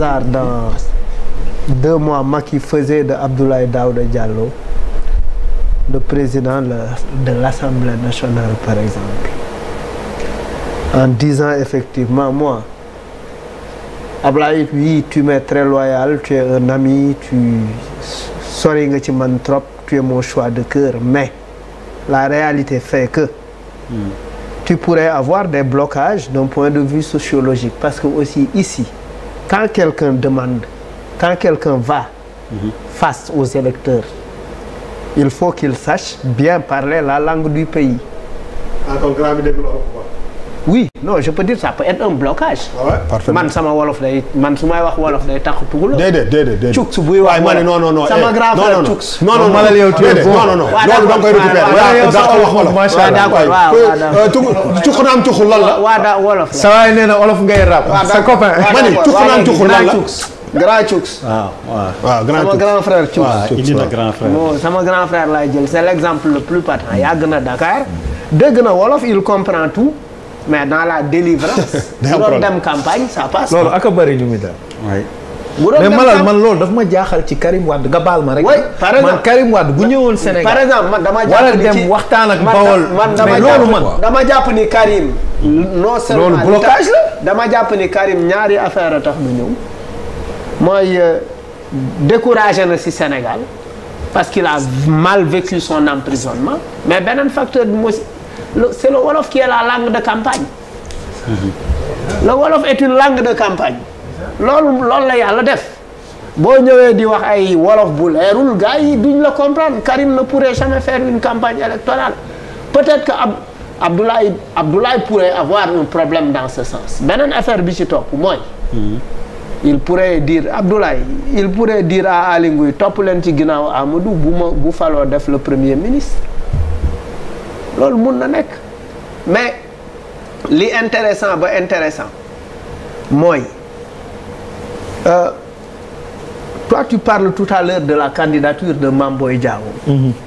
hasard, dans deux mois, Macky faisait de Abdoulaye Daouda Diallo le président de l'Assemblée nationale, par exemple. En disant effectivement, moi, Ablaye, oui, tu m'es très loyal, tu es un ami, tu. Sorry, tu trop, tu es mon choix de cœur, mais la réalité fait que. Mm tu pourrais avoir des blocages d'un point de vue sociologique. Parce que aussi ici, quand quelqu'un demande quand quelqu'un va mhm. face aux électeurs il faut qu'il sache bien parler la langue du pays oui non je peux dire ça peut être un blocage. Ah man sama wolof day man su may wax wolof day tax tugal. déedéet déedéet cuks buy wax wolof non non non eh, sama grand frère cuks. non non non non non loolu da nga koy récupérer. waaw da nga wax wolof macha allah waay cuk naam cuk lan la. waaw da wolof la. sa waay nee na wolof ngay rap. sa copain ma ni cuk naam cuk lan la. grand Cuks. waaw waaw grand sama grand frère Cuks. waaw indi na grand frère. bon sama grand frère laay jël c'est l'exemple le plus patent yàgg na Dakar dégg na wolof il comprend tout. mais dans la délivrance. bu doon dem campagne ça loolu ak a bëri ñu Malal man loolu dafa ma jaaxal ci Karim Wade nga baal ma rek. par exemple man Karim Wade bu ñëwoon Sénégal. par exemple dama jàpp ni waxtaan ak Bawol. mais loolu dama jàpp ni Karim. non loolu blocage la. dama jàpp ni Karim ñaari affaire a tax mu ñëw. mooy euh, découragé na si Sénégal. parce qu'il a mal vécu son emprisonnement. mais beneen facteur bi mooy. c'est le wolof qui la langue de campagne. la wolof est une langue de campagne. loolu loolu la yàlla def boo ñëwee di wax ay wolof bu leerul gars yi duñ la comprendre Karim ne pourrait jamais faire une campagne électorale peut-être que ab Abdoulaye Abdoulaye pourrait avoir un problème dans ce sens beneen affaire bi ci topp mooy. il pourrait dire Abdoulaye il pourrait dire à Aly topp leen ci ginnaaw Amadou bu ma bu faloo def le premier ministre. loolu mun na nekk mais li intéressant ba intéressant mooy euh, toi tu parles tout à l'heure de la candidature de Mame Boye Diao. Mm-hmm.